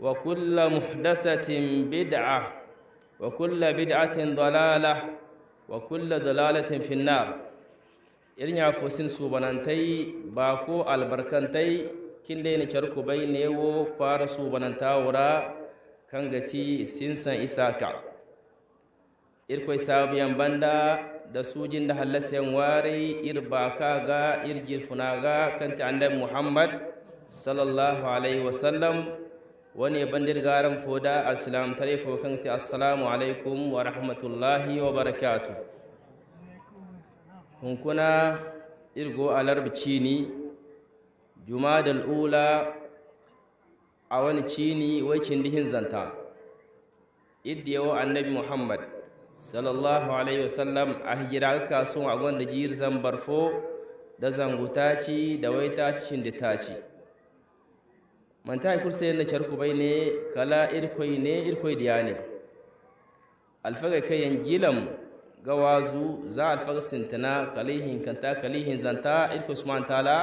muhdasatin محدثة بدعة وكل بدعة Dalala. وكل ضلالة في النار irin ya fosin su banantai ba ko albarkantai kin dai ni bai ne wo kwara su bananta wura kan gati sinsan isaka irkoi sabiyan banda da sujin da hallasiyan wari ir baka ga ir girfuna ga kan ta annabi muhammad sallallahu alaihi wasallam wani bandir garan foda asilam tare fokan kanti assalamu alaikum wa rahmatullahi wa barakatu hunkuna irgo a alarba cini jumadal ula a wani cini wai dihin zanta yawo annabi muhammad sallallahu alaihi wasallam a hijira kasuwa a gwanda jir zambar fo da zangutaci da waitaci taci. manta kurse na charku ne kala irkoi ne diya ne? alfaga kayan gilam gawazu za alfaga sintana kalihin kanta kalihin zanta irko tala taala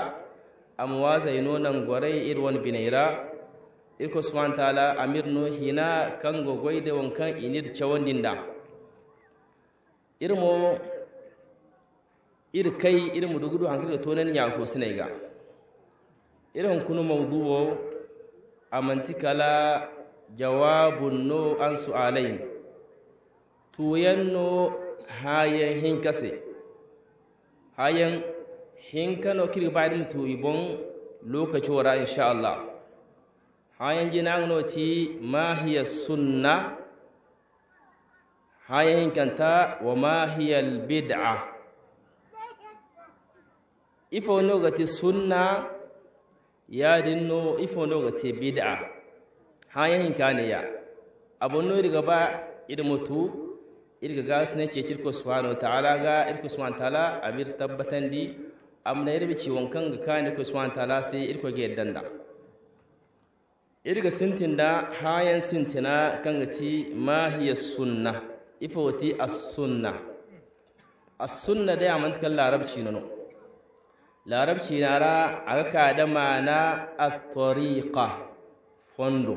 amwaza inonan gorai irwon binaira irko usman tala amir no hina kango da wankan inir dinda irmo ir kai irmu dugudu hankali to nan ya so sinai ga irin kunu mawduwo amantikala jawabun no an su'alain tuyan no hayan hinkase hayan hinkano kiri bayan tu lokaci wara insha Allah hayan jina no ti ma hiya sunna hayan hinkanta wa ma hiya bid'a ifo no gati sunna Ya ifo no ga te bid'a ha hin kane ya no irga ba ida mutu irga gasne ce cirko subhanahu ta'ala ga irko subhanahu ta'ala amir tabbatan di amna irbi ci wankan ga kane ko subhanahu ta'ala sai irko ge danda irga sintin da hayan sintina kan ga ti ma hiya sunna ifo ti as sunna as sunna da ya larabci nono larabci nara aga kada mana at-tariqa fondo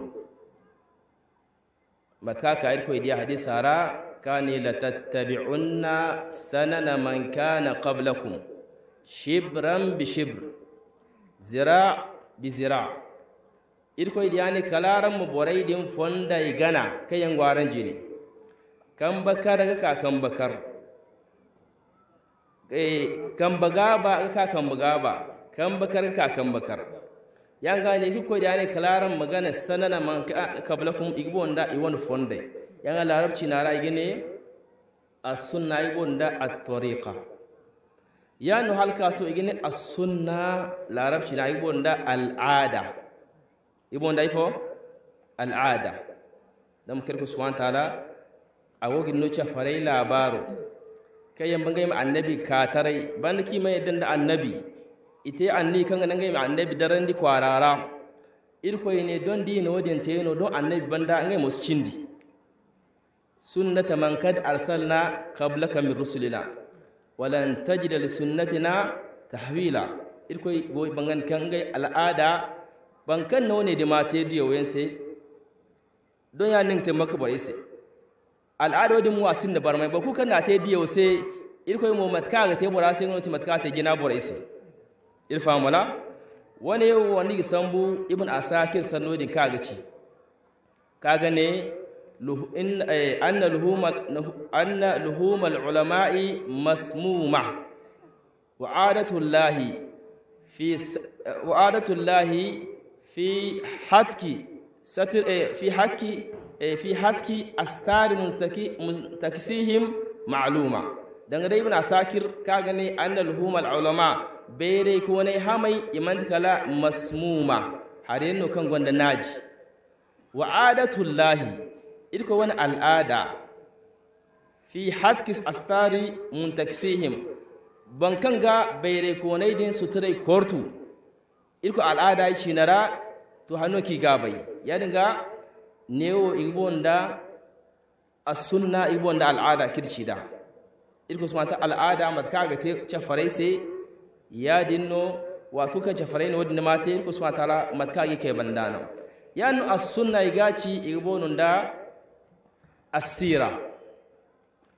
matka ka irko idiya hadis ara kani latattabi'unna sanana man kana qablakum shibran bi shibr zira bi zira irko idiya ni kalaran mu borai din fonda igana kayan gwaran jini kan bakar ga kakan bakar Eh, kambagaba ka kambagaba kambakar ka kambakar yan gane ki ko ne kalaran magana sanana man ka ah, kum igbo nda iwan fonde yan larabci na ra gine as sunna igbo nda at tariqa yan halka so igine as sunna larabci na igbo nda al ada igbo nda ifo al ada dan kirku subhanahu taala awogin no cha farai labaro kai yan bangai ma annabi katarai ban ki mai dan da annabi ite anni kan nan gai ma annabi daran di kwarara irko ne don di no den te no don annabi banda ngai muscindi sunnata man kad arsalna qablaka min rusulina walan tajida li sunnatina tahwila irko go bangan kan gai al'ada bankan no ne di mate di yowen don ya nin te maka bai sai al'ada wajen mu wasin da barmai ba ku kan na ta diyo se irko mu matka ga te bora se ngoti matka te gina bora isi irfa mala wani wani sambu ibn asakir sanodin kaga ci kaga ne in eh, anna luhumal anna luhumal ulama'i masmuma wa adatullahi fi wa adatullahi fi hatki satir eh, fi hakki Eh, fi hatki astari takisihim ma'luma daga dai ibn asakir ka gani annal humal ulama bere ko ne hamai iman kala masmuma Har no kan gwanda naji wa lahi ilko wani al'ada fi hatkis astari muntaksihim ban kan ga bere ko ne din suturai kortu ilko al'ada shi nara to hannu ki gabai ya dinga Ne wo newo igbonda assunna igbonda al'ada kircida irko sumata al'ada mat kaga te chafarai se ya dinno wa kuka chafarai no wadin mate irko sumata ala mat kage ke bandana yanu assunna igaci igbonunda asira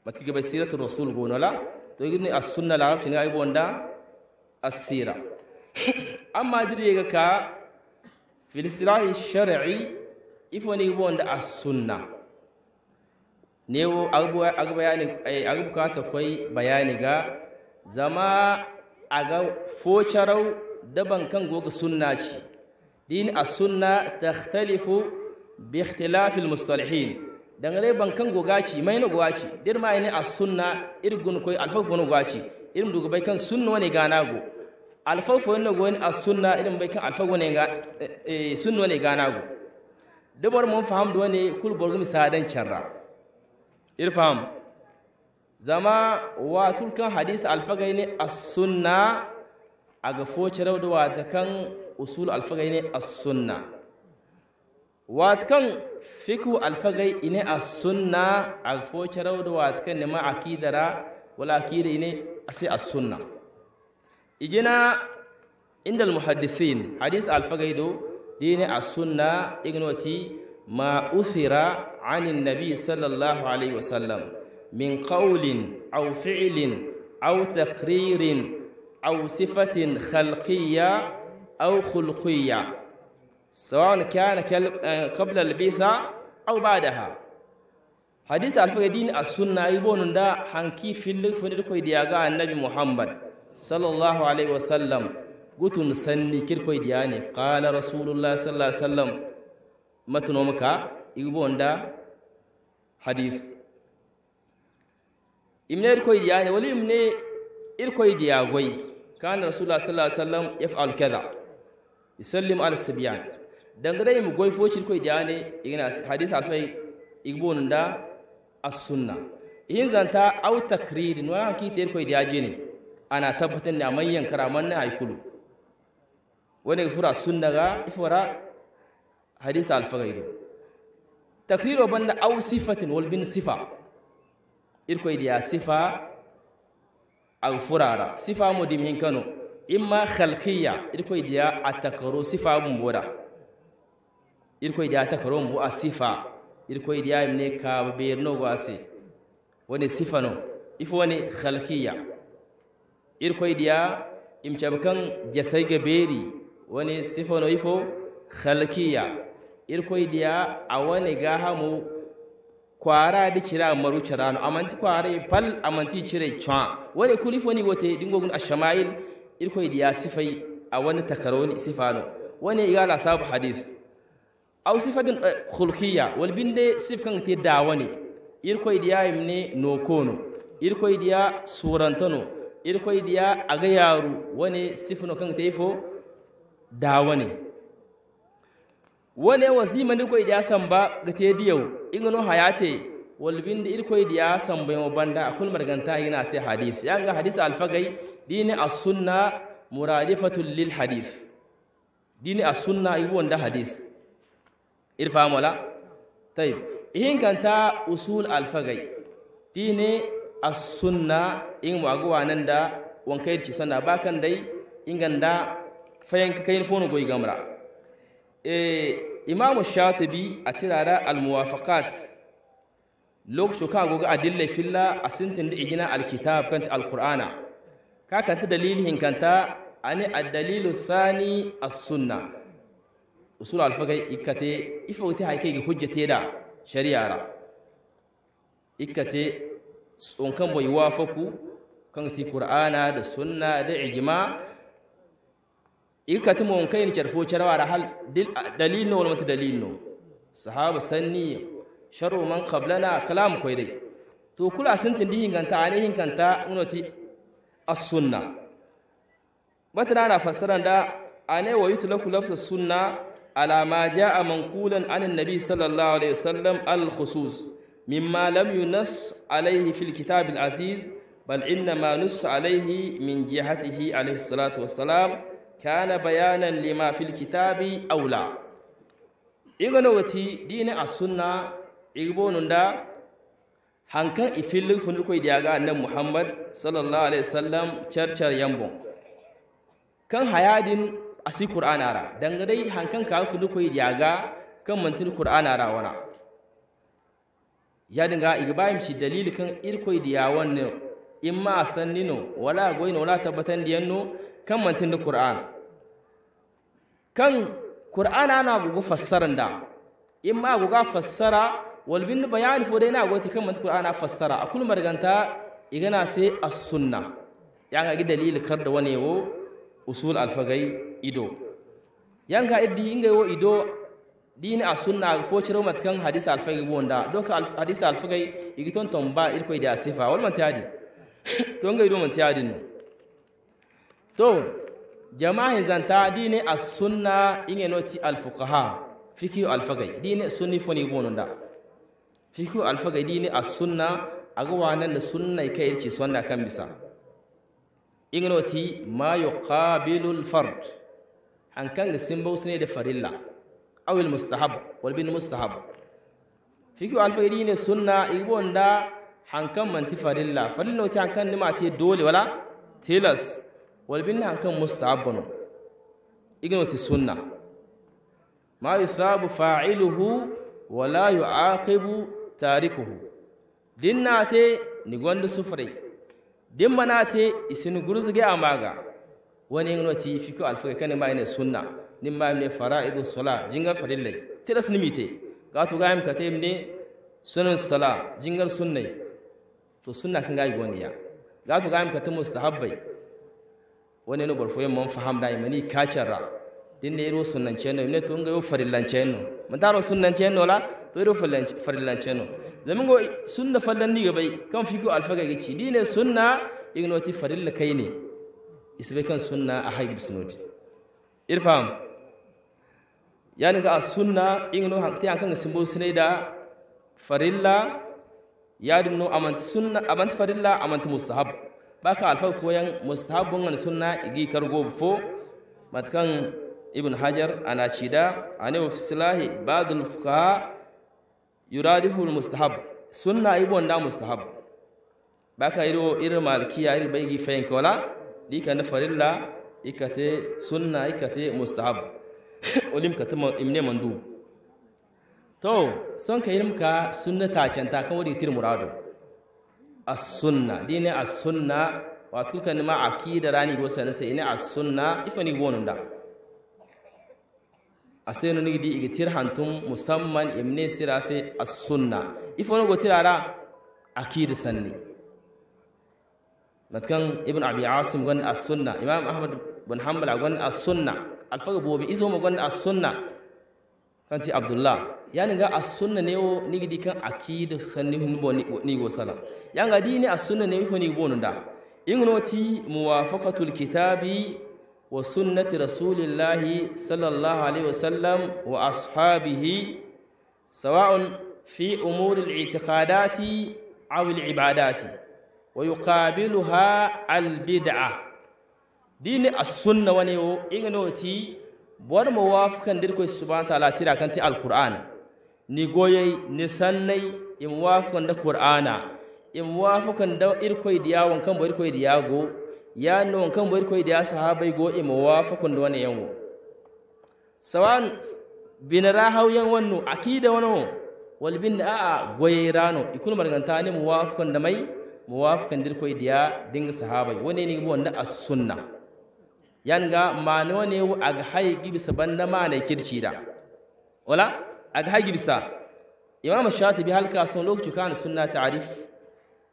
mat kige bai siratu rasul gonola to igni assunna la tin ga igbonda asira amma diriga ka fil sirahi shar'i ifo ni bo nda as-sunna newo agbu agbayani eh, agbu ka ta koi bayani ga zama aga focarau daban kan goga sunna ci din as-sunna takhtalifu bi ikhtilafi al-mustalihin dan rai ban kan goga ci mai na goga ci dir mai ne as-sunna irgun koi alfafu na goga ci irin duga bai kan sunna ne gana go alfafu na goga as-sunna irin bai kan alfafu ne ga eh, eh, sunna ne gana go da mun faham da wani kul borgum sadan charra irfam zama wa tulkan hadis alfagai ne as-sunna aga focerau rauda wata kan usul alfagai ne as-sunna wata kan fiku alfagai ne as-sunna aga focerau da wata kan ne ma akidara wala akida ine asi as-sunna ijina inda al-muhaddithin hadis alfagai do dini a sunna ignoti ma uthira anin nabi sallallahu alaihi wasallam min qawlin aw fi'lin aw takririn aw sifatin khalqiyya aw khulqiyya سواء كان قبل البيثة أو بعدها حديث الفقه دين السنة يبون دا حنكي في اللي فندقوا دياغا النبي محمد صلى الله عليه وسلم Kutun sanni kirkoy ne. qala rasulullah sallallahu alaihi wasallam matnom ka igbonda hadith imne irkoy diyani wali imne irkoy diyagoy kana rasulullah sallallahu alaihi wasallam yaf'al kadha yusallim ala sibyan dangare mu goy fo cirkoy diyani igna hadith afai igbonda as yin zanta au takririn wani hankali ta irkoy diyajini ana tabbatar da manyan karaman na haikulu wani fura sunnaga ifora hadis alfagayri takriro banda aw sifatin wal bin sifa irkoy diya sifa aw furara sifa mo dim hin kano imma khalqiyya irkoy diya atakaro sifa mo boda irkoy diya atakaro mo a sifa irkoy diya imne ka berno go ase wani sifano ifo wani khalqiyya irkoy diya imcabkan jasayga beri wani sifonoyi fo halkiya irkoydiya a woni ga hamu kwara di cira maru carano amanti kwara pal amanti cire cwa wani kulifo ni wote dingogun ashamail irkoydiya sifai a wani takaroni sifano woni igala sabu hadith aw sifatin eh, khulkiya wal binde sifkan te dawani irkoydiya imne nokono irkoydiya surantano irkoydiya aga agayaru wani sifno kan te fo dawane wone wasimani koyɗiya samba ga tediyow igano hayate wolbinde ir samba sambaymo banda akul marganta yana sai hadith ga hadith alfagai dini assunna muradifatun lil hadith dini assunna igu wanda hadith ta yi tayib ihinkanta usul alfagai dini assunna igmo agu wananda ci sana bakan day inganda fayanka kayin fono goyi gamra e eh, imam shatibi atirara al muwafaqat lokacin ka goga adilla filla asintin da igina al kitab kanta al qur'ana ka kanta dalilin kanta ani ad dalilu thani as sunna usul al fagai ikate ifa wuti haike gi hujjate da shari'ara ikate tsunkan bai wafaku kan ti qur'ana da sunna da ijma' ikati mon kayin charfo da hal dalil no mata dalil no sahaba sanni sharu man qablana kalam koy dai to kula sun tindi hinganta ani hinganta unoti as-sunna batana na fassaran da ane wa yutlaku lafsa sunna ala ma jaa manqulan an an-nabi sallallahu alaihi wasallam al-khusus mimma lam yunas alaihi fil kitab al-aziz bal inna ma nus alaihi min jihatihi alaihi salatu wassalam kana bayanan lima fil kitabi aula igano wati dini asunna igbonunda hankan ifillin funir koy diaga annabi muhammad sallallahu alaihi wasallam charchar yambo kan hayadin asi qur'ana ra dangadai hankan ka funir koy diaga kan mantin qur'ana ra wana ya dinga igbayim shi dalili kan irkoy diya wannan imma asannino wala goyno wala tabbatan diyanno kan mantin da kan Kur'ana na gugu fassaran da in ma guga fassara walbin bayani fo dai na gugu kan man Kur'ana fassara kullum marganta igana sai as-sunna Ya ga gi dalil kar da wane wo usul alfagai ido yanga iddi inga wo ido dini a sunna fo ciro matkan kan al alfagai wonda doka hadis alfagai igiton tomba irko da sifa wal man tadi to ngai do man tadi no to jama'a zanta dine as-sunna inge noti al-fuqaha fiki al fagai dine sunni foni bononda fiki al fagai dine as-sunna aga wanan da sunna kai irci sunna kan bisa inge noti ma yuqabilu al-fard an kan ga simbo sunne da farilla aw al-mustahab wal bin mustahab fiki al fagai dine sunna igonda hankan manti farilla farilla ta hankan ni ma ce dole wala tilas wal kan musta mustahabbun igno ti sunna ma yi yuthabu fa'iluhu wa la yu'aqibu tarikuhu dinna te ni gonda sufrai dimma na te isin a maga. wani igno ti fiko alfuka kana ma ne sunna nin ma ne fara'idu sala jinga farillai tiras ni mite gato ga imka yi ne sunan sala jingar sunnai to sunna kan ga ya. Ga gato ga imka musta mustahabbai woni no borfo mon da imani kacara dinne iro sunnancenno ne to ngayo farillancenno madaro sunnancenno la to iro farillancenno zamin go sunna fallandi ga bai kan fiko alfaga ga ci dine sunna ignoti farilla kai ne isbe kan sunna a haibib sunoti irfam yani ga sunna igno hakti an kan simbo sunaida farilla yadin no amant sunna amant farilla amant mustahab baka alfar koyan mustahabun an sunna igi kargo fo matkan ibn hajar ana cida ane wa fisilahi ba'dul fuqaha yuradifu mustahab sunna ibon da mustahab baka iro irin malkiya bai gi fayin kola dika na farilla ikate sunna ikate mustahab olim kata imne mandu to son ka irin ka sunna ta canta kan wadi tir muradu. as-sunna ne as-sunna wa tulka ma akida rani go sana sai ne as-sunna ifani wonunda asenu ni di igitir hantum musamman imne sirase sai as-sunna ifano go tirara akida sanni matkan ibn abi asim gon as-sunna imam ahmad bin hanbal gon as-sunna alfaga bobi izo mo gon as-sunna kanti abdullah yani ga asunna ne o nigidi kan akida sanni hunbo ni go sala yanga dini asunna ne ifo ni bonunda ingnoti muwafaqatul kitabi wa sunnati rasulillahi sallallahu alaihi wasallam wa ashabihi sawa'un fi umuri al-i'tiqadati aw al-ibadati wa yuqabiluha al-bid'ah dini asunna wani o ingnoti bor muwafiqan dirko subhanahu wa ta'ala tira kanti al-qur'an ni goyai, ni sannai in wafukan da qur'ana in wafukan da irkoy diya won kan bo irkoy diya go ya no wankan kan bo irkoy diya sahabai go im wafukan da wani yanwo. sawan bin rahau yan wannu akida wano wal bin a a goyai rano ikul marganta ni muwafukan wafukan da mai mu wafukan da ya diya dinga sahabai wani ni bo wanda as sunna yanga mano ne aga hayi gibi sabanda mana kirci da wala agahagibisa imam shatibi lokaci logtukaana sunna tacriif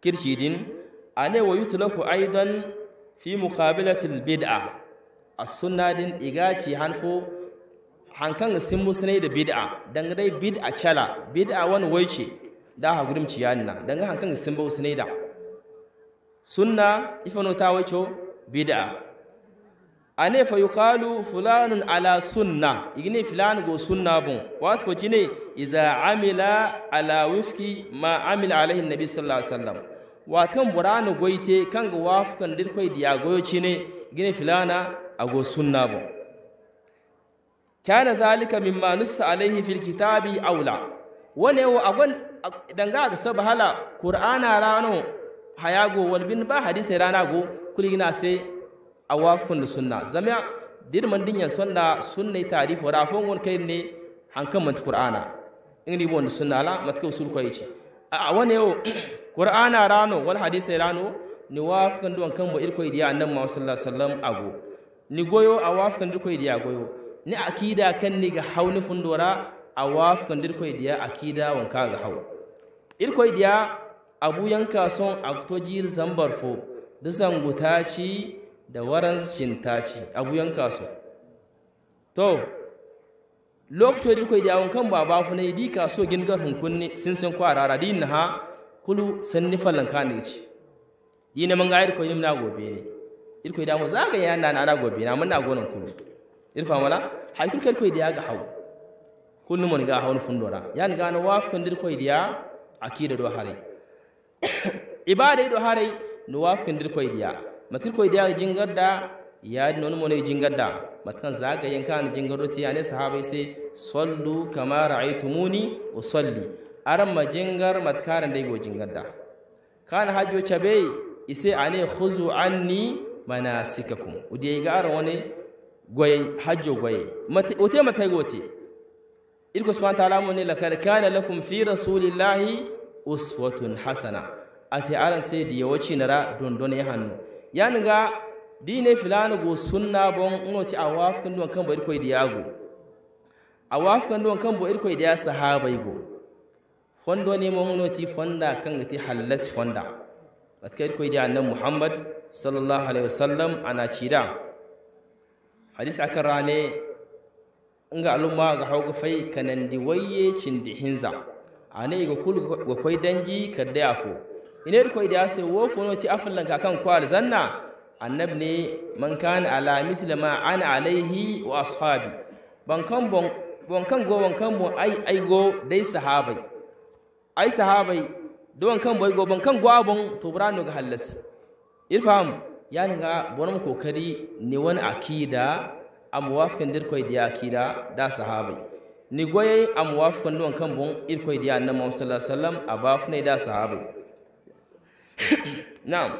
kirshidin ane yutlaku aidan fi as-sunna din igaci hanfo musnai da bid'a dai bid'a cala bid'a wani waice da hagurim ciyanna danga usnai da sunna ifano ta waico bid'a ane fa yuqalu fulanun ala sunna igini filan go sunna bon wat ko jine iza amila ala wifki ma amila alaihi nabi sallallahu alaihi wasallam wa kan burana goite kan ga wafkan dir koy diya goyo ne, gine filana ago sunna bon kana zalika mimma nussa alaihi fil kitabi aula wane wo agon danga ga sabahala qur'ana rano hayago walbin ba hadisi rana go kuligina sai awa da sunna zama dir man dinya sonda sunna tarif wara fon won kai ne an hankan man qur'ana ingni bon sunna la mat ko sur ko yici a wane yo qur'ana rano wal hadisi rano ni wafin don kan bo irko idiya annabi muhammad sallallahu alaihi wasallam ago ni goyo a wafkan dirko idiya goyo ni akida kan ni ga hauni dora a wafin wafkan dirko idiya akida wanka ga hau irko idiya abu yanka son aktojir zambar fo da zangutaci da ce, a guyan kaso to lokacin da kai da awon kan baba fu ne di kaso gingar hunkunni sin sin kwarara din na ha kulu san ni fallan ne ci yi ne ga irko yin na gobe ne irko da mu zaka ya na na gobe na mun na gonan kulu irfa mala hakin kai kai da ga hawo kullu mun ga hawo fundora yan ga na wafu kan dir kai da akida do hare ibada do hare no wafu dir kai da matkil koy dia jingadda ya non mo ne jingadda matkan zaga yankan jingado ti ne sahabai sai sallu kama ra'aytumuni usalli aran ma jingar matkaran dai go jingadda kan hajjo chabe ise ane khuzu anni manasikakum udiye ga aran wani goye hajjo goye mate ote matai gote ilko subhanahu ta'ala mo ne lakad kana lakum fi rasulillahi uswatun hasana ate aran sai diya wace nara ya e hannu yaniga dine filana go sunna bon ngoti awaf kan don kan bo irko diago awaf kan don kan bo irko dia sahabai go fondo ne mo ci fonda kan ti halas fonda batka irko dia annabi muhammad sallallahu alaihi wasallam ana cida hadis akan rane nga alumma ga hauga fai kanandi waye cindi hinza ane ga kul ga kwai danji kadda afo ine ko idan sai wo fono ti afallan ka kan kwar zanna annab ne man kan ala mithla ma ana alaihi wa ashabi ban kan bon bon kan go bon kan mo ai ai go dai sahabai ai sahabai don kan boy go bon kan gwa bon to brano ga hallas irfam yani ga bonon kokari ne wani akida amuwafikan dir ko diya akida da sahabai ni goye amuwafikan don kan bon ir ko diya annabi sallallahu alaihi wasallam abafne da sahabai na'am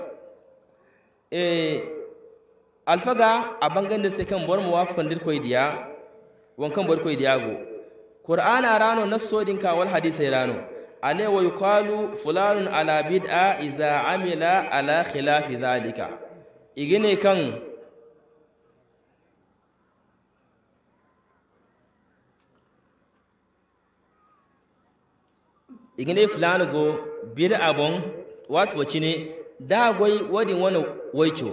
eh alfaga a bangan da sai kan bor mu wafu kandir koy diya won kan bor diya go a rano na sojin kawal hadisai rano ale wa kwalu fulanun ala bid'a iza amila ala khilafi zalika igine kan igine fulanu go bid'a bon watu ne da gwai wadin wani waicho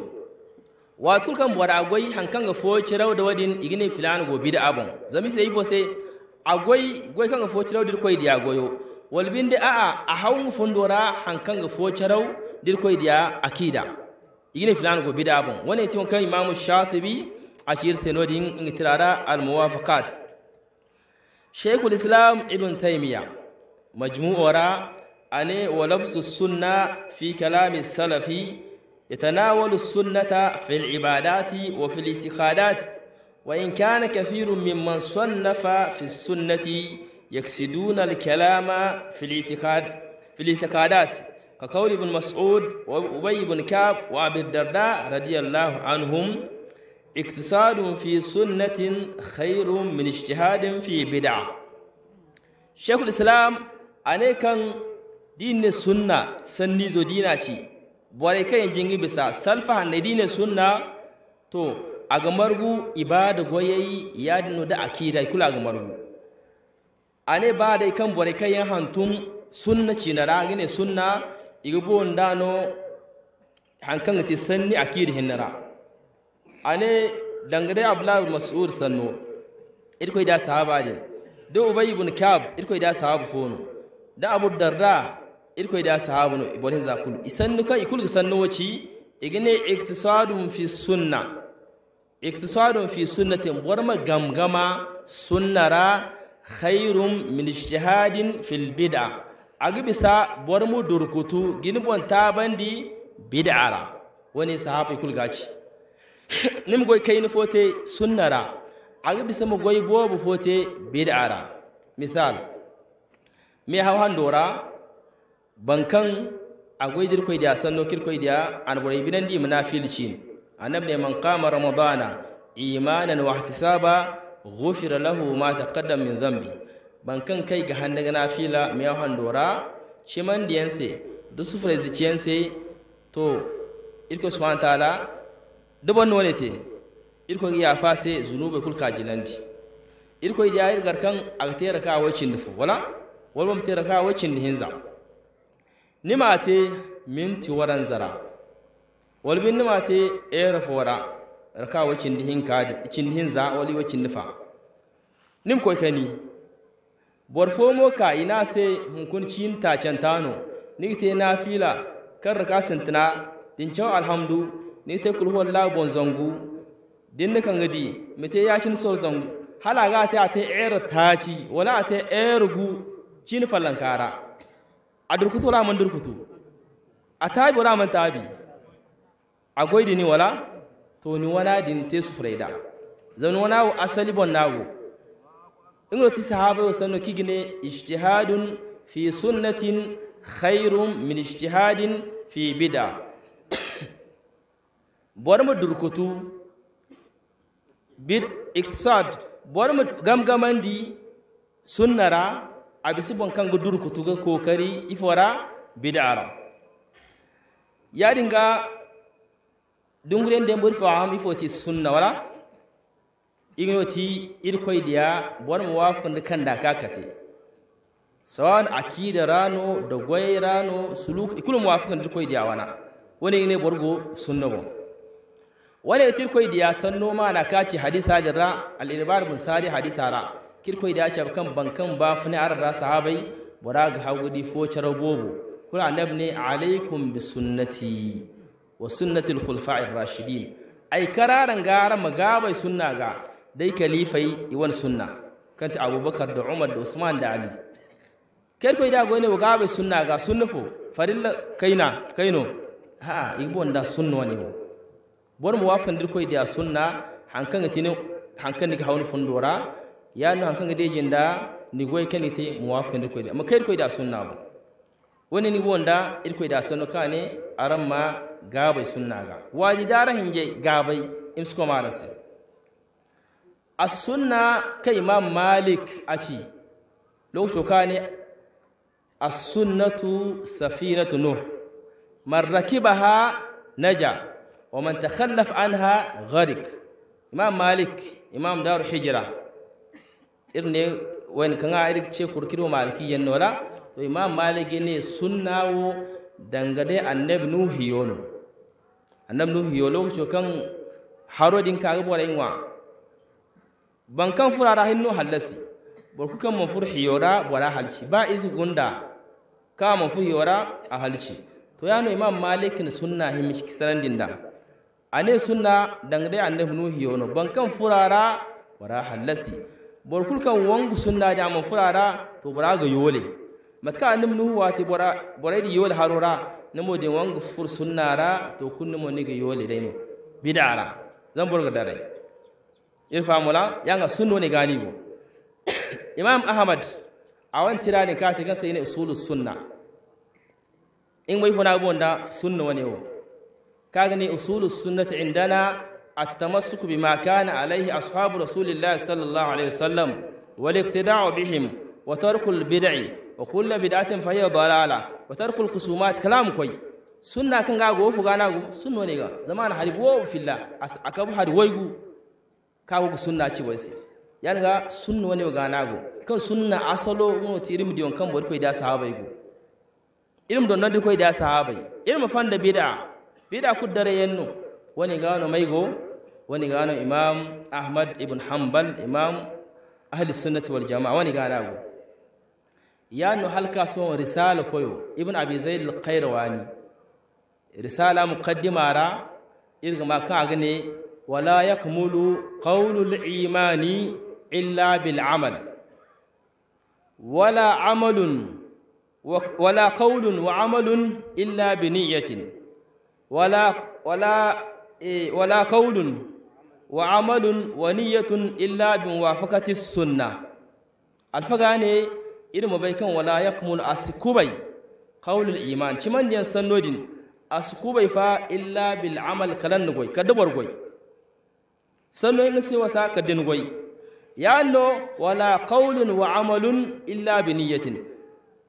wato kan bora gwai hankan ga fo rau da wadin igine filan gobi da abon zami sai ifo sai agoy gwai kan ga fo rau dir diya dia goyo da a'a a hawngu fundora hankan ga fo rau dir diya dia akida igine filan gobi da abon wani tin kan imamu a cikin senodin ingitirara al muwafaqat shaykhul islam ibn taymiya majmu'ora أني ولبس السنة في كلام السلف يتناول السنة في العبادات وفي الاعتقادات وإن كان كثير ممن صنف في السنة يكسدون الكلام في الاعتقاد في الاعتقادات كقول ابن مسعود وأبي بن كعب وأبي الدرداء رضي الله عنهم اقتصاد في سنة خير من اجتهاد في بدعة شيخ الإسلام أنا كان dinne sunna sanni zo dina ci bore kayen jingi bisa salfa hanne dinne sunna to aga margu ibada goyayi dino da akida kula aga margu ane ba dai kan bore kayen hantum sunna ci na ragine sunna iga bon dano hankan ti sanni akida hinara ane dangare abdullah mas'ud sanno irko da sahaba je do ubay ibn kab irko da sahabu fono da abu darda irko da sahabu no ibolin zakul isannu kan ikul gisannu waci igine iktisadun fi sunna iktisadun fi sunnatin borma gamgama sunnara khairum min ijtihadin fil bid'a agi bisa bormu durkutu gini bon tabandi bid'ara wani sahabu ikul gachi nim goy kayni fote sunnara agi bisa mo goy bobu fote bid'ara misal me haw handora bankan agwai dirkoi da sanno kirkoi da anburai binan di munafilcin annabi ne man qama ramadana imanan wa ihtisaba ghufira lahu ma taqaddama min dhanbi bankan kai ga handa ga nafila me da dora chiman diyanse dusu frezi chiyanse to irko subhanahu ta'ala dubon wone te irko ya fase zunubai kulka jinandi irko ilko ya irgar kan a tera ka wacin dufu wala wal mum tera ka wacin hinza nimate minti waran zara wal bin nimate era fora raka wakin dihin hin ka cin dihin za wali wakin nifa nim ko kani bor fomo ka ina se hun kun cin ta cantano te na fila kar raka tana din cin alhamdu te kul ho la bon zangu din ne kan gadi mete ya cin so zangu hala ga ta ta era taci wala ta ergu cin fallankara a durkutu wala man durkutu a tabi wala man tabi a goydi ni wala to ni wala din te freda zan wana wo asali bon nago ingo ti sahaba wo sanno kigine ijtihadun fi sunnatin khairun min ijtihadin fi bid'a mu durkutu bid iktisad mu gamgamandi sunnara kan ga duru kutu ga kokari ifora bid'ara yadinga dunguren den bori faham ifoti sunna wala ignoti irkoy diya bor mu wafkan kanda kakate sawan akida rano da goy rano suluk ikulu mu wafkan koy dia wana wani ne borgo sunna bon wala koy dia sanno ma na kaci hadisa jarra al ibar bin sari hadisa ra kirkoi da acha kan bankan ba funi arra sahabai bura ga hagudi fo charo bobo kuna ne alaikum bi sunnati wa sunnati al khulafa'ir rashidin ai kararan gara magabai sunna ga dai kalifai iwan sunna kanta abubakar da umar da usman da ali kai kirkoi da gone wa gabai sunna ga sunnufu farilla kaina kaino ha ibo nda sunno ne wo bor mu wafan dirkoi da sunna hankan tinin hankan ga hawun fundora ya nuna hankan gade da ni goy kani te muwafin da koyda makai kwaida sunna ba wani ni wanda ir koyda sunna kane aran ma gabai sunna ga waji dara hinje gabai in imsko marasa as sunna kai imam malik aci lokacin ne as sunnatu safinatu nuh man rakibaha naja wa man takhallaf anha gharik imam malik imam darul hijra irne wen kanga irik ce kurkiro maliki yennola to imam maliki ne wo dangane annabi nuhu yono annabi nuhu yo lokacin kan harodin kaga borayin wa ban kan furara hinno hallasi bor ku kan man fur hiyora bora halci ba izu gunda ka man fur hiyora a halci to yano imam maliki ne sunna himi kisaran dinda ane sunna dangane annabi nuhu yono ban kan furara bora halasi. borkul kan wangu sunna da mu furara to bora ga yole matka nim nu wati bora bora di yole harora nimo de wangu fur ra to kunni mo ga yole dai mo bidara zan borga dare irfa mula yanga sunno ne gani bo imam ahmad awan ne ka ta sai ne usulus sunna in wai fona bonda sunno ne wo kaga ne usulus sunnati indana التمسك بما كان عليه أصحاب رسول الله صلى الله عليه وسلم والاقتداء بهم وترك البدع وكل بدعة فهي ضلالة وترك الخصومات كلام كوي سنة كان غاغو فغانا غو سنة نيغا زمان حرب وو في الله أكبر حد ويغو كاغو سنة تي ويسي يعني غا سنة وني وغانا غو كان سنة أصلو ونو تيرم ديون كان بور كوي دا صحابة يغو إلم دون ندو كوي دا صحابة إلم فان دا بدعة بدعة كود داري ينو وني غانو ميغو wani gano imam ahmad ibn hanbal imam ahli sunnati wal jamaa wani gana go nu halka so risala koyo ibn abi zaid al qayrawani risala muqaddima ra irga ma ka gane wala yakmulu qawlu al imani illa bil amal wala amalun wala qawlun wa amalun illa bi niyyatin wala wala eh, wala qawlun wa amalun wa niyyatun illa bin muwafaqati sunna alfaga ne irin mabai kan wala a askubai qawlul iman ciman yan sannodin a askubai fa illa bil amal kalan ka kadabar gwai. sanno in sai wasa kadin goy ya no wala qawlun wa amalun illa bi niyyatin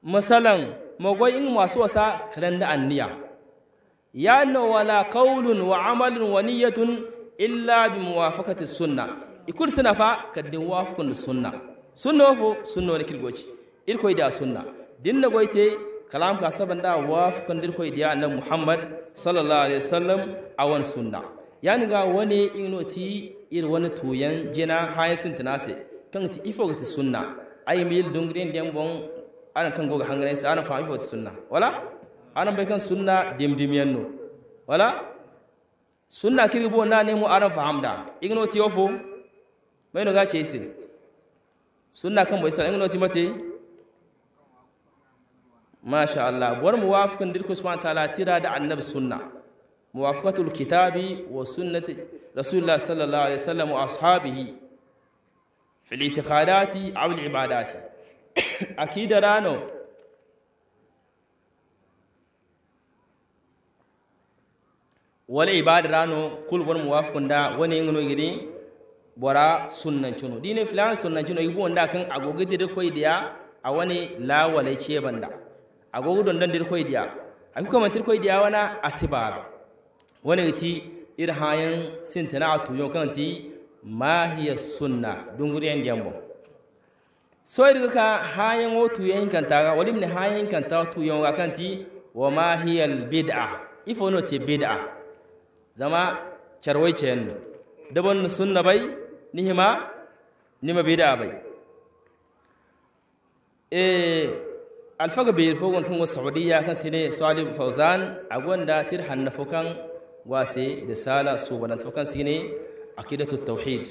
masalan magoy in masu wasa kalan da anniya ya no wala qawlun wa amalun wa niyyatun illa bi muwafaqati sunna ikul suna fa kadin wafqun sunna sunna fo sunna wani kirgoci il koy da sunna dinna goyte kalam ka saban da wafqan dir koy da annabi muhammad sallallahu alaihi wasallam awan sunna yani ga wani igno ti ir wani tuyan jina sun tinase kan ti ifo ga sunna ay mil dungrin dem bon ana kan goga hangare sa ana fa ifo sunna wala ana bai kan sunna dimdim yanno wala sunna kiri bo na nemo aran fahamda igno ti ofo mai no ga chese sunna kan boy sala igno ti mate masha Allah war muwafiqan dirku subhanahu ta'ala tira da annabi sunna muwafaqatul kitabi wa sunnati rasulullah sallallahu alaihi wasallam wa ashabihi fil itiqadati aw al ibadati akida rano wala ibada rano kul mu muwafiqun da wani ngono gidi bora sunnan cuno dine filan sunnan cuno ibu wanda kan agogo dir koy dia a wani la wala ce banda agogo don dan dir koy dia a kuma tir koy dia wana asiba wani ti irhayan sintana atu yo kan ti ma hiya sunna dunguriyan jambo so irga ka hayan o tu yan kan taga wali min hayan kan ta tu yo kan ti wa ma hiya al bid'ah ifo no ti bid'ah zama carwai cenno dabon no sunna bai ni hima nima bida bai e alfaga bai fogon kan go saudiya kan sine fauzan a gwanda tir hanna fo kan wase risala fukan fo ne a aqidatu tawhid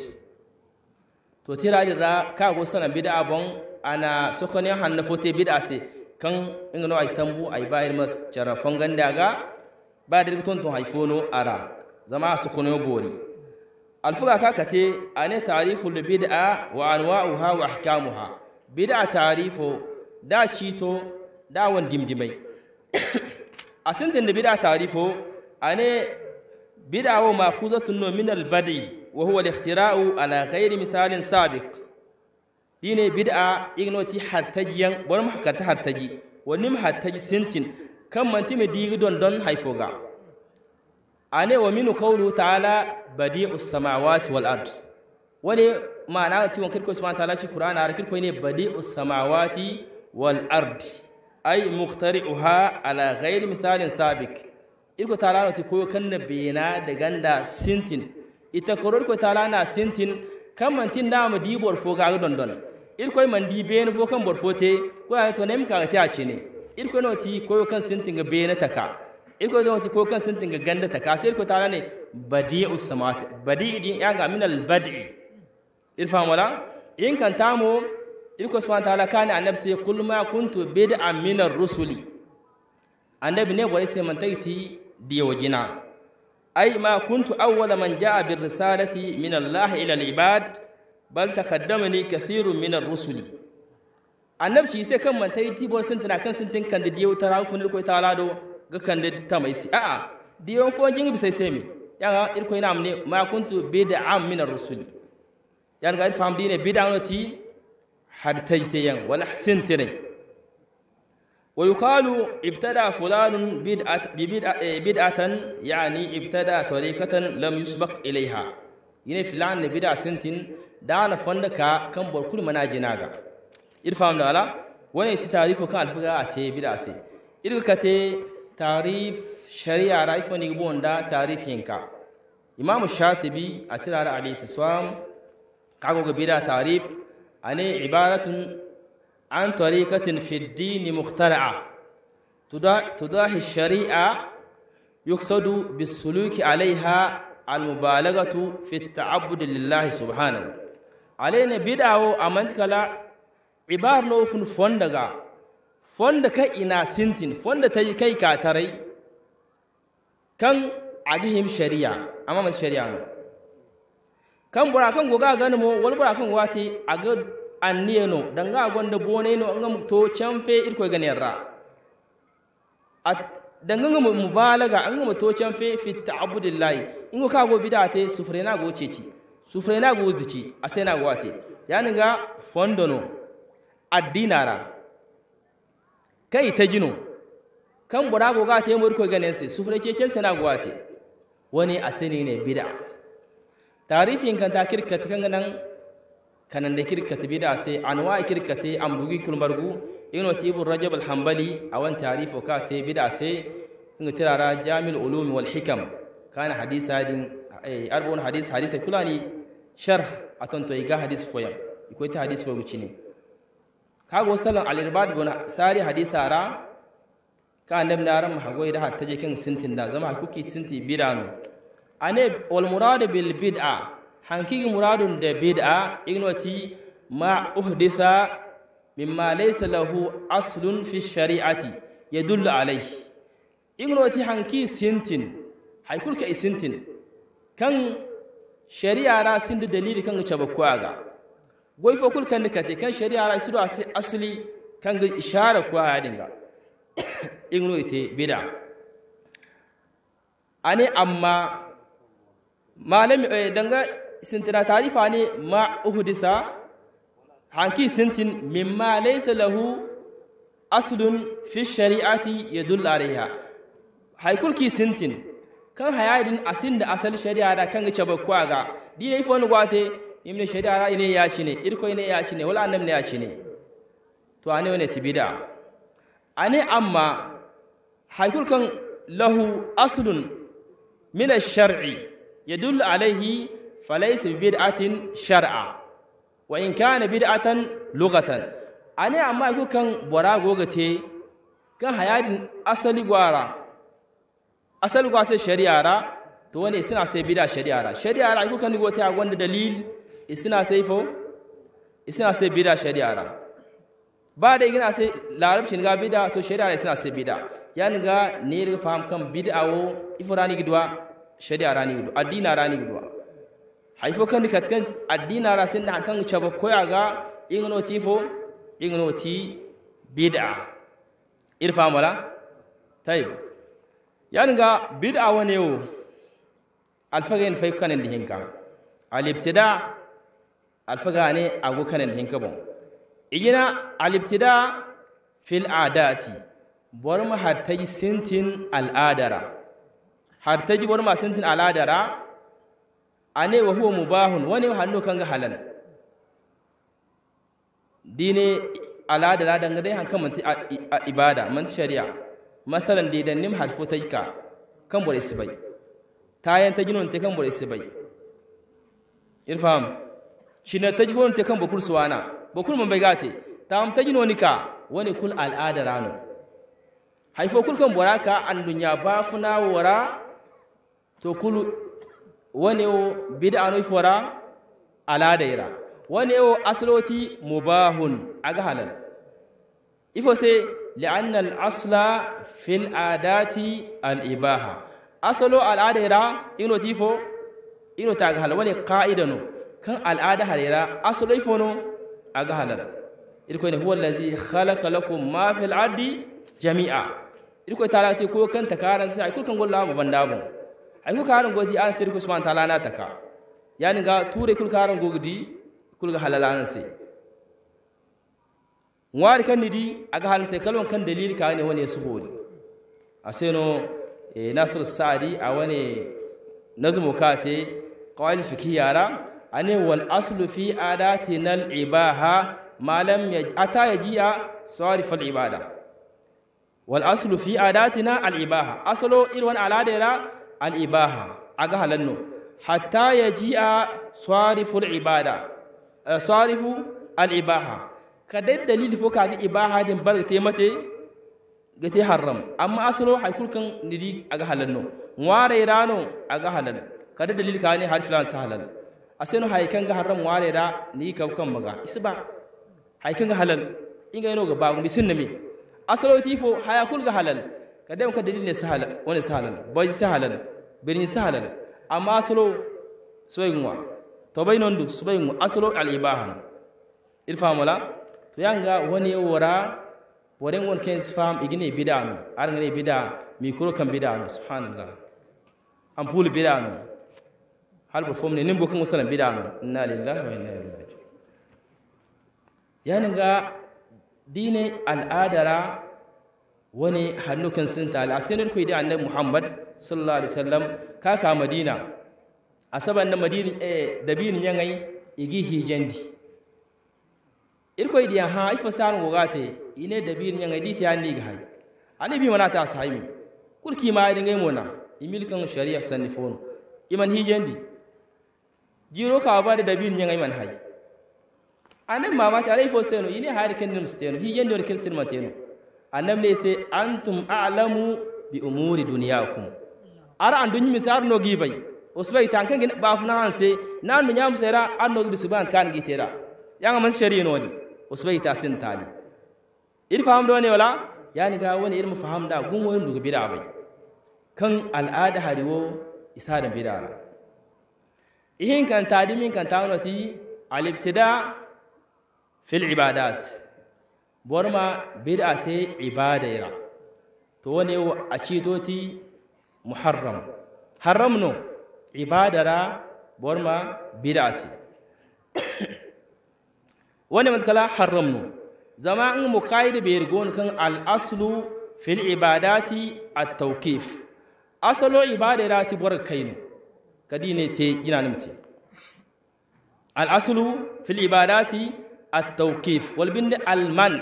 to tira da ka go sanan bid'a abon ana sokoni hanna fo te bid'a se kan ingano yi sambu ay bayir mas cara fongan daga ba da ton ton ay fono ara zama kuno gori alfuga ka kate ane ta'rifu bid'a wa anwa'uha wa ahkamuha bid'a ta'rifu da cito da wan dimdimai asin din bid'a ta'rifu ane bid'a wa mafuzatun min al-bad'i wa huwa al-ikhtira'u ala ghairi misalin sabiq dine bid'a ignoti hartajiyan bar mahkata hartaji hattaji wani mu sintin kan mantime me digi don don haifoga ane wa minu qawlu ta'ala badi'us samawati wal ard wani ma'ana ti won kirko subhanahu ta'ala ci qur'ana har kirko ne badi'us samawati wal ard ay muqtari'uha ala ghairi mithalin sabiq iko ta'ala ti ko kan bena da ganda sintin ita koror ko ta'ala na sintin kan mantin da mu dibor fo ga don don irko man di ben fo kan te ko ay to nem ka ta ci ne irko no ti ko kan sintin ga bena taka iko don ti ko kan sun tinga ganda ta kasir ko tala ne badi'us samawati badi'i din ya ga min al bad'i irfan wala in kan tamo iko subhanahu ta'ala kana annabi sai qul ma kuntu bid'an min ar rusuli annabi ne gore sai man taiti diyo jina ai ma kuntu awwala man ja'a bir risalati min allah ila al ibad bal taqaddamani kathirun min ar rusuli annabci sai kan man taiti bo sun tana kan sun tinkan da diyo tarawufun ko ta'ala do ga kande si aa di diyon fo jingi bisai mi yanga ga irko inam amne ma kuntu bid'am min ar-rusul yanga ir fam dine bid'am no ti had tajte yan wala hsinte ne wa yuqalu ibtada fulan bid'at eh, bid'atan yani ibtada tariqatan lam yusbaq ilayha yine filan ne bid'a sintin dana fonda ka kan borkul manajina ga ir fam da ala wani ci tarifu kan alfiga a bi bid'a sai irka ka te تعريف شريعة رأيف نيبون دا تعريف ينكا إمام الشاطبي أتلال عليه تسوام قاقو بلا تعريف أني عبارة عن طريقة في الدين مخترعة تضاهي الشريعة يقصد بالسلوك عليها المبالغة في التعبد لله سبحانه علينا بدعو أمانتكلا عبارة نوفن فندقة fonda ka ina sintin fonda ta kai katarai kan abihim shari'a amma man shari'a no kan burakan kan goga gani mo wal bura kan a ga anniye no ga gonda bone no ngam to fe irko gani ra at danga ngam mubalaga an ngam to fe fi ta'budillahi in ka go bidate sufrena go ceci sufrena go zici asena go wati yani ga fondono addinara kai ta jino kan bura goga ta yi murko ganin sai su fure cecen sana guwate wani asini ne bida tarifin kan ta kirkata kan nan kanan da kirkata bida sai anwa kirkata ambugi kulmargu ino tibur rajab alhambali a wan tarifo ka ta bida sai inga tirara jami'ul ulumi wal hikam kana hadisa din eh, arbon hadis hadisa kulani sharh atanto iga hadis koyam ikoita hadis ko gucini kago salan alirbad guna sari hadisa ra ka andam naram hagoy da hatta jekin sintin da zama kuki sinti bidano ane wal murad bil bid'a hanki muradun da bid'a ignoti ma uhditha mimma laysa lahu aslun fi shari'ati yadullu alayhi ignoti hanki sintin haikulka isintin kan shari'a ra sindi dalili kan ga wai fa kul kan kate kan shari'a ra da asli kan ga ishara ya ayadinga ingno ite bida ani amma malam eh, danga sintina tarifa ne ma uhdisa hanki sintin mimma laysa lahu aslun fi shari'ati yadul alaiha haikul ki sintin kan hayadin asin da asal shari'a da kan ga caba ga dinai fa wani gwate imne shari'a ine shine irko ine shine wala annam ne shine to ane wane tibida bida ane amma haikul kan lahu aslun min ash-shar'i yadullu alayhi falaysa bi bid'atin shar'a wa in kana bid'atan lughatan ane amma ku kan bora gogate kan hayadin asali gwara asali gwara sai shari'a ra to wani suna sai bida shari'a ra shari'a ra ku kan gote a gwanda dalil isina sai fo isina sai bida shari'ara ba da igina sai larabcin ga bida to shari'a isina sai bida yani ga ne ga fam kan bid'a wo oh. ifurani gidwa shari'a ni gidwa addina rani gidwa haifo kan ka kan addina ra sai na kan chaba koya ga ingno tifo ingno ti bid'a irfa mala tayib yani ga bid'a wane wo alfagen fay kan ndi hinka al ibtida' alfagane a gukanin hinkabon igina aliftida fil adati borma hartaji sintin al'adara hartaji ma sintin al'adara ane wa huwa mubahun wani hannu kanga halal dine al'adara dangane hankan manti ibada manti shari'a masalan didan nim harfo tajka kan bor ta tayan tajinon te kan su bai. irfam shine tajwon te kan bokul suwana bakul mun begate tam tajino nika wani kul al'ada rano haifo kul kan ka an dunya ba funa wara to kul wani o bid'a no fora al'ada ira wani o asloti mubahun aga halal ifo se لأن الأصل في العادات الإباحة أصل العادة إنو تيفو إنو تاغ هل وني wani نو kan al'ada halera asalo ifono halar. halal irko ne huwa lazi khalaqa lakum ma fil ardi jami'a irko ta lati ko kan takaran sai ko kan golla mu banda mu ai ko karan godi an sai ko subhanahu ta'ala na taka yani ga ture kul karan kulga kul ga halalan sai ngwari kan a ga hal sai kalon kan dalili ka ne wani A sai no, eh, Nasiru sa'di a wani nazmu kate qawl yara ane wal aslu fi adatina al ibaha ma lam ata yaji'a sarif al ibada wal aslu fi adatina al ibaha asalo irin wani aladera al ibaha aga halanno hatta yaji'a sariful ibada eh, sarifu al ibaha kadai dalili fo ka ibaha din bar te mate gate haram amma asalo hay kulkan nidi aga halanno ware rano aga halal kada dalili kani har filan sahalal no haikan ga haram wale da ni kab kan maga isba haikan ga halal inga no ga ba mi sinna mi asalo tifo haya kul ga halal kadam ka dalil ne sahala wani sahalal bai sahalal bin sahala amma asalo soyinwa to bai non du soyinwa asalo al ibahan ilfamula to yanga wani wora wani won ken fam igine bidanu arngane bida mikro kan bidanu subhanallah ampul bidanu hal bo fomne nin bokan usalan bidano inna lillahi wa inna ilaihi raji'un yani ga dine al'adara wani hannukan sun tali a sanar ku da annabi muhammad sallallahu alaihi wasallam kaka madina a saban na madina eh dabin yangai igi hijandi irko idiya ha ifa san gogate ine dabin yangai diti anni ga hay ani bi manata sahibi kurki ma idin gai mona imilkan shari'a sanifon iman hijandi jiro ka ba da dabin yin ayman hay anan mama ta alai fosteno yini hayar kendin steno hi yendo kin sin mateno anan ne se antum a'lamu bi umuri dunyakum ara an dunyi misar no gibai usbay tankan gin ba funa han se nan mun yam sera an no bi suban kan gitera yanga man shari'i no ni usbay ta sin tali ir faham do ne wala yani ga wani irin faham da gun wani dugu bid'a bai kan al'ada hariwo isa da bid'a Ihi kan tadiminka taunatai halittida fili ibada. Barma bida atai ibada yara. Ta wani yau a cikin toti haram no ibada da barma bida ati. Wani matukar haram no zama in mu ka yi da birikon kan aslu fili ibada atauka. Asala lo ibada yara kadine te yinanimte al aslu at tawqif wal attawqif al alman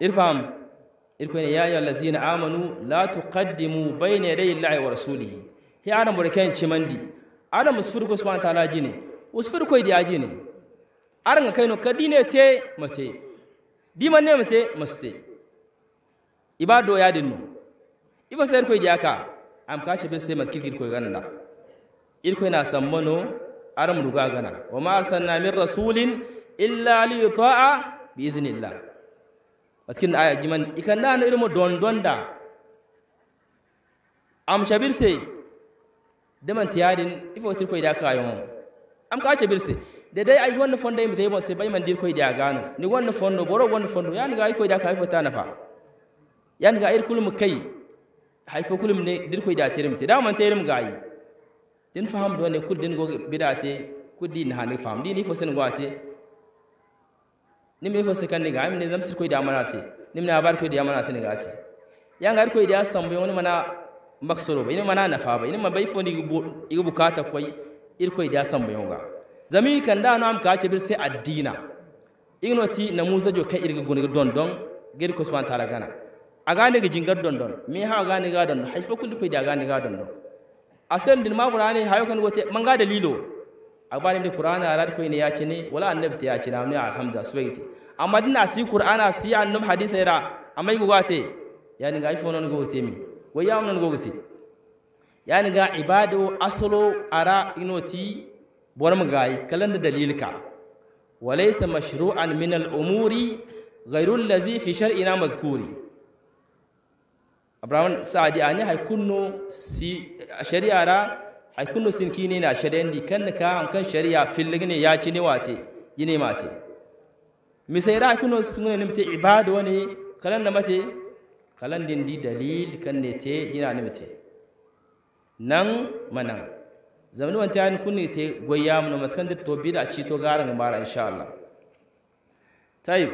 irfam irkun ya ayuha allazina amanu la tuqaddimu bayna yaday llahi wa rasulihi he adam bore ken cimandi adam musfur ko subhanahu taala jine usfur koy di ajine aranga kayno kadine te mate di manne mate maste ibado ya dinno ser koy idiya ka. am ka bin sai mat kirkir ko ganna il ko na sammano aram ruga gana wa ma arsalna min rasulin illa li yuta'a bi idhnillah watkin aya jiman ikanna na ilmo don da am chabir sai de man tiyadin ifo tir ko da ka am ka bir sai de dai ay wonno fondo mi de mo sai bay man dir ko da gano ni wonno fondo boro wonno fondo yani ga ay ko ida ka fa tanafa yani ga ir kulum kai hay kulum ne dir koy da tirim te da man tirim gayi din faham do ne kul din go bidate din na ne faham din ifo sen gwate nim ifo se kan ne gayi ne zamsir ko da manate nim na bar ko da manate ne gati yan gar ko da sambo ne mana maksoro ne mana nafa ba ina ma bai fo ni go bukata koy ir ko da sambo ga zami kan da nam ka ce bir sai addina ignoti musa jo kai irga gonga don don gir ko subhanahu ta'ala gana agane ga jingar dondon me ha agane ga dondon haifa kullu pe da agane ga dondon asan din ma qur'ani hayo kan wote ga dalilo agbani da qur'ani ala ko ne ya ci ne wala annabi ta ya ci na mu alhamdu subaiti amma din asi qur'ana si annab hadisa ira amma go gate yani ga ifo non go gote mi wai ya non go gote yani ga ibadu aslu ara inoti bor mu gai kalan da dalilka walaysa mashru'an min al-umuri ghayrul ladhi fi shar'ina mazkuri abraman saadi a ni haikunno si sharia ra haikunno kunno sin kine na sharia ndi kan ka an kan sharia ne ya ci ne wate ne mate misai ra sun ne nimte ibada wani kalan da mate kalan din di dalil kan ne te yana nimte nan manan zamani wanta ya kunne te goyya na matkan da tobi bida ci to garan bara insha Allah yi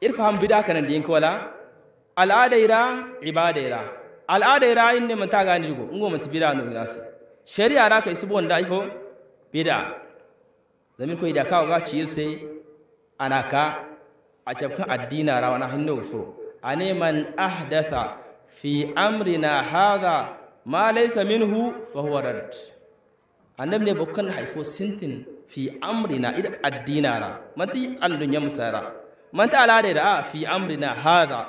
irfahan bida kanan da yin wala al'adaira ibadaira al'adaira inne mata gani digo ngo mata bida no gasi shari'a ra kai sibon da ifo bida zamin ko ida kawo ga sai anaka a cafkan addina ra wani hannu furo ane man ahdatha fi amrina hadha ma laysa minhu fa huwa rad annab ne bokkan haifo sintin fi amrina ida addina ra manti allun ya musara manta al'adaira ah, fi amrina hadha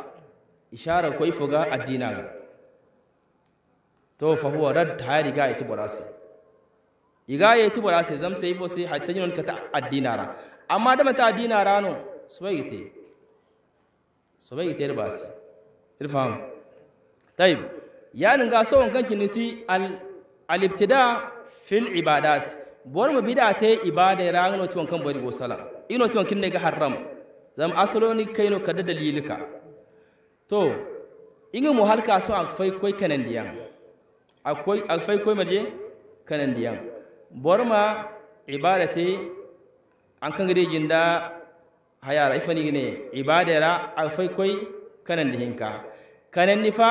isharar ko ifoga addina ga to fa huwa rad hari ga iti borasi iga ya ita borasi zam sai fo sai hatta yin ka ta addina ra amma da mata addina ra no subai te subai te basi irfam tayib yanin ga so wankan kiniti al alibtida fil ibadat bor mu bida ta ibada ra no tuwan kan bari go sala ino tuwan kin ne ga haram zam asaloni kaino kadda dalilika to inga mu halka su ak fay kwai kanan diyan a koy ak maje kanan diyan borma ibadati an kan gade jinda haya raifani gine ibadara ak fay kwai kanan dihinka kanan nifa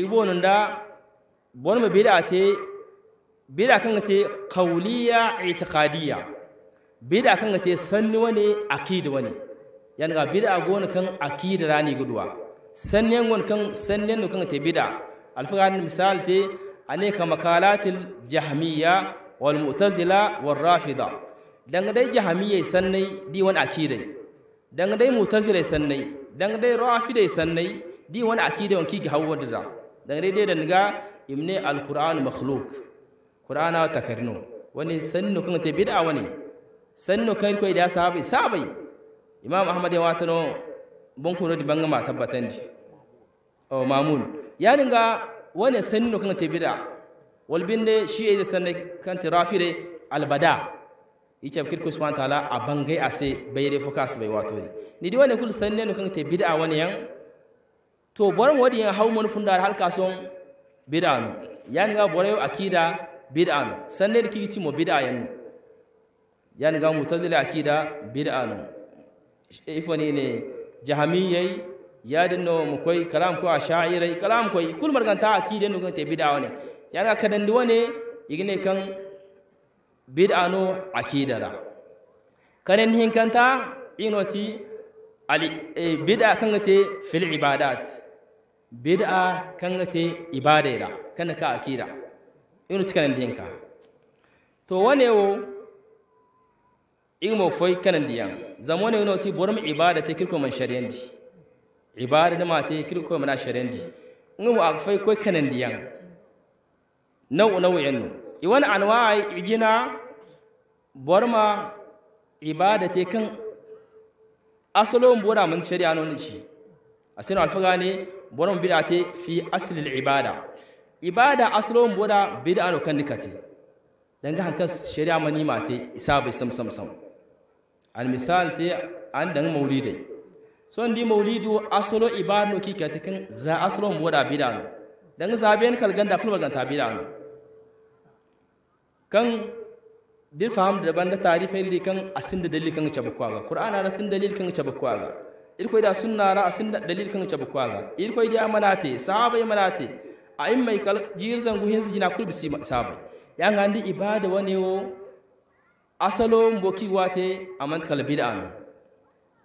igbonun da borma bid'ati bid'a kan te qawliya i'tiqadiyya bid'a kan te sanni wani akida wani yanga bid'a gona kan akida rani guduwa sanyen ngon kan nukan ta kan te bid'a ta misal te ka makalatin jahamiya wal mu'tazila wal rafida dan dai jahmiya sannai di wan akidai dan dai mu'tazila sannai dan dai rafida sannai di wan akidai wan ki ga da dan dai dan ga imne alquran makhluq qur'ana ta karno wani sanno kan ta bid'a wani sanno kai ko da sahabi sabai imam ahmad ya watano bon no di banga ma tabbatan di o oh, mamun ya dinga wane sanno kan tebida wal binde shi ya sanne kan rafire al bada ice kirko subhanahu ta'ala a bangai ase bayre focus bai wato ni di wani kul sanne no kan tebida wane yan to boran wadi yan hawo mun fundar halka son bid'a no yani ga borayo akida bid'a no sanne da kiki mo bid'a yan ya dinga mutazila akida bid'a no ifani ne jahamiyai ya no mu koy kalam ko ashairai kalam koy kul marganta akide no te bid'a wane ga kadan duwa wane igine kan bid'a no akida da kanen hin kanta inoti ali e, bid'a kan te fil ibadat bid'a kan te ibada da kan ka akida inoti kanen din ka to wane wo igmo kan kanen diyan zamone no ti mu ibada ta kirko man di ibada da mate kirko man sharendi mu agfai ko kanan diyan nau nau yanno wani anwa igina ma ibada ta kan asalon bora man shari'a non shi asinu alfaga ne borom bid'a te fi asalin ibada ibada asalon bora bid'a no kan dikati dan ga hankan shari'a mani mate isa bai sam sam sam almisal te an dan maulidai so ndi maulidu asalo ibadu ki katikin za asolo mu da bidano dan zaben kalganda fulba ganta bidano kan di faham da banda tarifa da kan asin da dalil kan chabukwa ga qur'ana na sin dalil kan chabukwa ga irko da sunna ra asin da dalil kan chabukwa ga irko da amalate sahabai malate a in kal jirzan guhin jina kulbisi sahabai yan andi ibada wani wo asalo mboki wate amant kal bid'an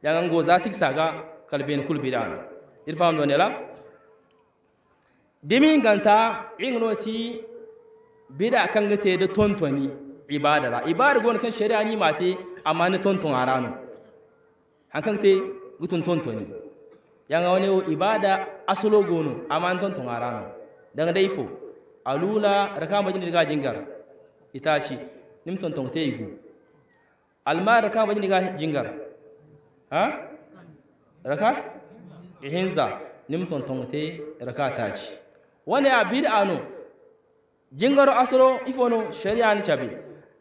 yangan go zatik saga kalbin ben kul bid'an il fam do nela demin ganta ingnoti bid'a kan gate da tontoni ibada la ibada gon kan shari'a ni mate amma ni tonton arano hankan te gutun tontoni yanga wani ibada asalo gono amma ni tonton arano dan dai fo alula raka majin daga jingar itachi nim tonton te igu alma raka ba ga jingar ha raka ihinza nim ton ton te raka ta ci wani a bid'a no jingar asro ifono shari'a ni chabi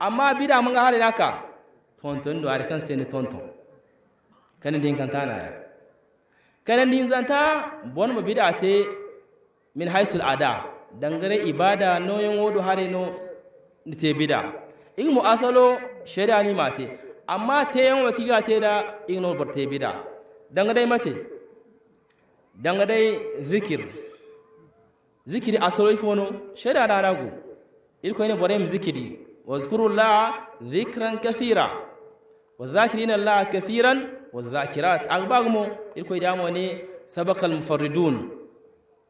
amma bid'a mun ga halin tonton do arkan kan sai ni tonton kan din kan tana ya kan din zanta bon mu bid'a te min haisul ada dangare ibada noyin wodo hare no ni te bid'a igmo asalo sharia ni mate amma te yan wati ga te da ino barte bida danga dai mate danga dai zikir zikiri asalo wani sharia na ragu ilko ne bare zikiri wa zikuru zikiran kafira wazkurullah dhikran kathira wadhakirina allah kathiran wadhakirat agbagmo ilko idamo ne sabakal mufarridun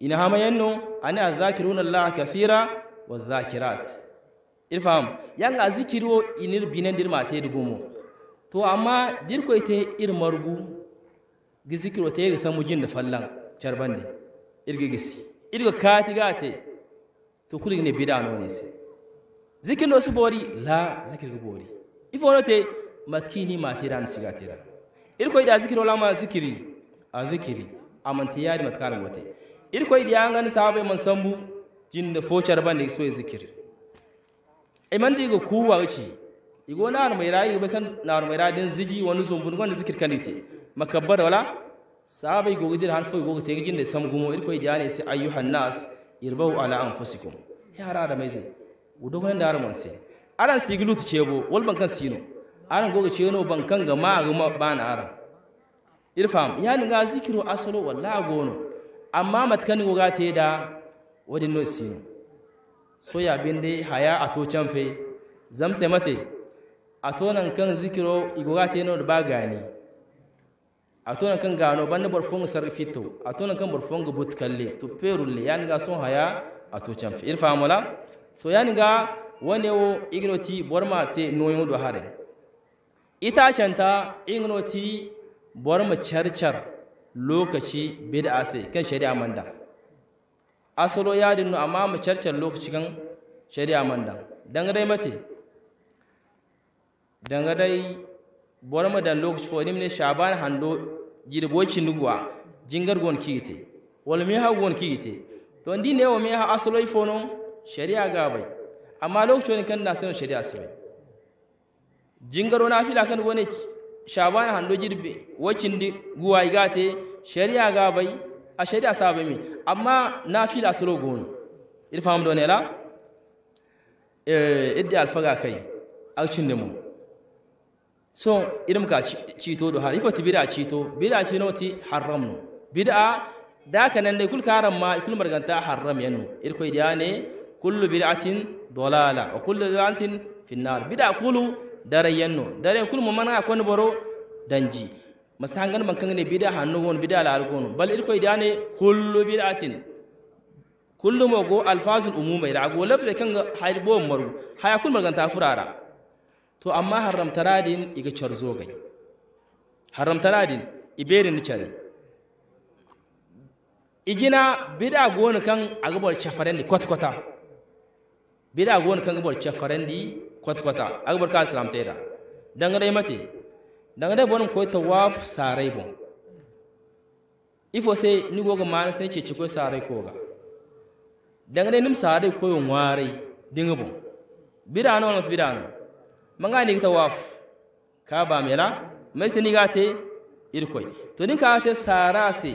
ina hama yanno ani adhakiruna kafira wa wadhakirat irfam yanga zikiro inir binan dir mate dugumo to amma dir ko ite ir margu gi zikiro te ga samujin da fallan charbande irge gisi irge kati gate to kulig ne bida no ne se zikir no bori la zikir bori ifo no te matkini matiran sigatira ir ko ida zikiro lama zikiri a zikiri amantiyadi matkalan wote ir ko ida yangan sabe man sambu jinda fo charbande so zikiri e mandi go kuwa uchi igo na mai mayra igo kan na mai radin zigi wani zo bun gonda zikir kanite makabbar wala sabai igo gidir han fo igo te gijin da sam gumo irko jani sai ayyuhan nas irbau ala anfusikum yara da mai zai udo gonda da ar monse aran sigilu tu chebo wal kan sino aran goga cheno bankan ga ma ga ma bana aran irfam ni ga zikiru asalo wallahi gono amma matkani goga te da wadin no sino soya bindi haya a to can fe zamse mate a tonan kan zikiro igora te no ba gani a tonan kan gano ban banda barfon sarfito a tonan kan barfon ga kalle to perulle yani ga son haya a to can fe irfa mola to yani ga wane wo ignoti borma te noyo do hare ita canta ignoti borma charchar lokaci bid'a sai kan shari'a manda asalo ya dinnu amma mu cercer lokaci kan shari'a mandan dan dai mace dan dai bor mu dan lokaci fo nimne shaban hando jirgo cinduwa jingar gon kiite wal mi ha gon kiite to ndi ne o mi ha asalo fo no shari'a gabai amma lokaci kan na sanin shari'a sai jingaro na fila kan wani shaban hando jirbe wacin di guwa igate shari'a gabai a shedi a sabe mi amma nafila soro gono il fam do nela eh idda alfaga kai a cinde mu so idan ka cito do har ifati bid'a cito bid'a cino ti haramno bid'a da ka nan dai kul karam ma kul marganta haram yanu irko idane kullu bid'atin dalala wa kullu dalalatin finnar bid'a kulu dare yanno dare kul mu mana akon boro danji masangan man kangane bida hannu won bida la algono bal il koy dane kullu bid'atin kullu mo go alfazul umuma ira go lafre kanga hayr bo maru haya kun magan ta furara to amma haram taradin iga charzo gai haram taradin ni chare igina bida gonu kan agbor chafarandi kwatkwata bida gonu kan agbor chafarandi kwatkwata agbor ka islam tera dangare mate daga da bonin koyta waf sarai bon ifo sai ni goga mana sai ce ci koy sarai ga daga da nim sarai koyo warai dinga bon bidano wala bidano manga ni ta waf ka ba mela mai sai ni ga te ir irkoi to ni ka te sara se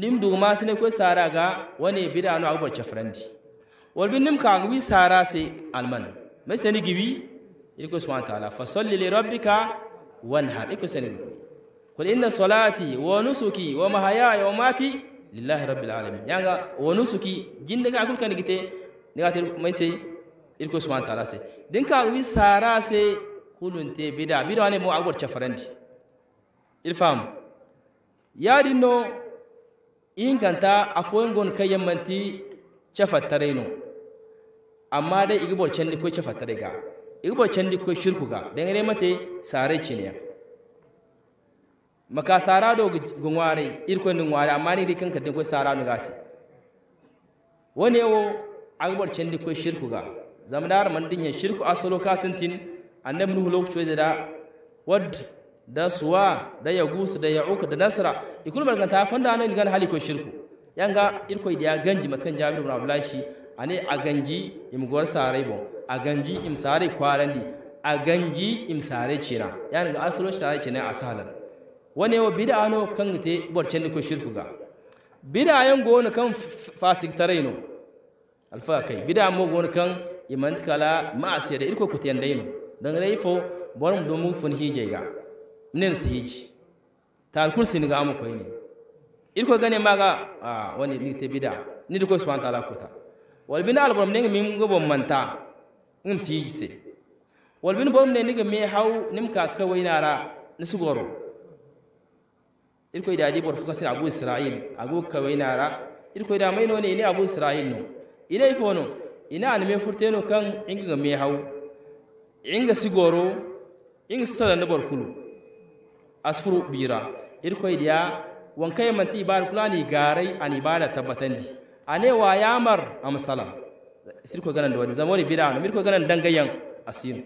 nim du ma sai koy sara ga wani bidano abu agubar chafrandi wal bin nim ka agbi sara se alman mai sai ni gibi iko subhanahu wa ta'ala fa salli li rabbika wanhar iko sene qul inna salati wa nusuki wa mahayaya wa mati lillahi rabbil alamin yanga wa nusuki jinde ga kulkan gite ne ga mai sai iko subhanahu wa ta'ala sai din ka wi sara sai te bida bida ne mu agwar chafarandi ilfam ya dinno in kanta afoyin gon kayyamanti tare no amma dai igibor canni ko chafattare ga igbo candi ko da ngare mate sare cineya maka sara do gu irko ni ngware amma ni dikan ka dikko sara ni gati wone wo agbor candi ko ga zamdar man dinya shirku asalo kasintin annabi nuhu lokacin da wad da suwa da ya gusu da uku da nasra ikul man ta fanda nan gan hali ko shirku yanga irko da ganji matkan jabir abdullahi ane a ganji imgwar sarai bon a ganji imsare kwarandi a ganji imsare cira yani ga asuro sare cina asalan wani yawa bid'a no kan te borcen ko shirku ga bid'a yan gona kan fasik taraino alfa kai bid'a mo gona kan iman kala ma'asiya da irko kutiyan daino dan raifo fo mu do mu fun hije ga nin si hiji ta kursi ni ga mu koyi ne irko gane maga ga wani ni te bid'a ni ko subhanahu wa ta'ala kuta wal bina al ne min go manta ngam si wal min bom ne niga me haw nim ka ka wainara nisugoro irko idadi bor fuka abu israil abu ka wainara irko da mai no ne ni abu israil no ina ifono ina an me furteno kan inga me haw inga sigoro inga sala na bor kulu asfuru bira irko idiya wankai manti bar kulani garai an ibada tabbatandi ane wa yamar amsalam sirko ganan da wani zama wani bida no mirko ganan dangayan asin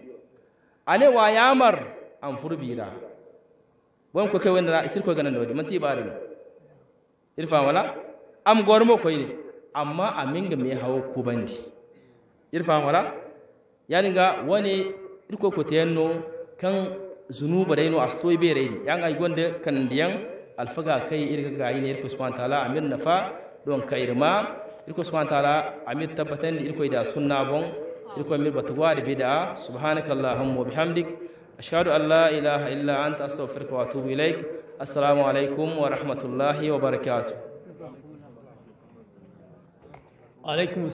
ane wa yamar an furbi da wani ko kai wani wanda sirko ganan da wani man tibari irfa wala am gormo koy ne amma amin aminga me hawo bandi irfa wala yani ga wani irko ko tayanno kan zunuba da dai a stoi be rai yan ay gonde kan diyan alfaga kai irga ga yin irko subhanahu wa ta'ala amin nafa don kairma irko subhanahu ta'ala amir tabbatan irko da sunna bon irko mir batwa da bid'a subhanakallahumma wa bihamdik ashhadu an la ilaha illa anta astaghfiruka wa atubu ilaik assalamu alaikum wa rahmatullahi wa barakatuh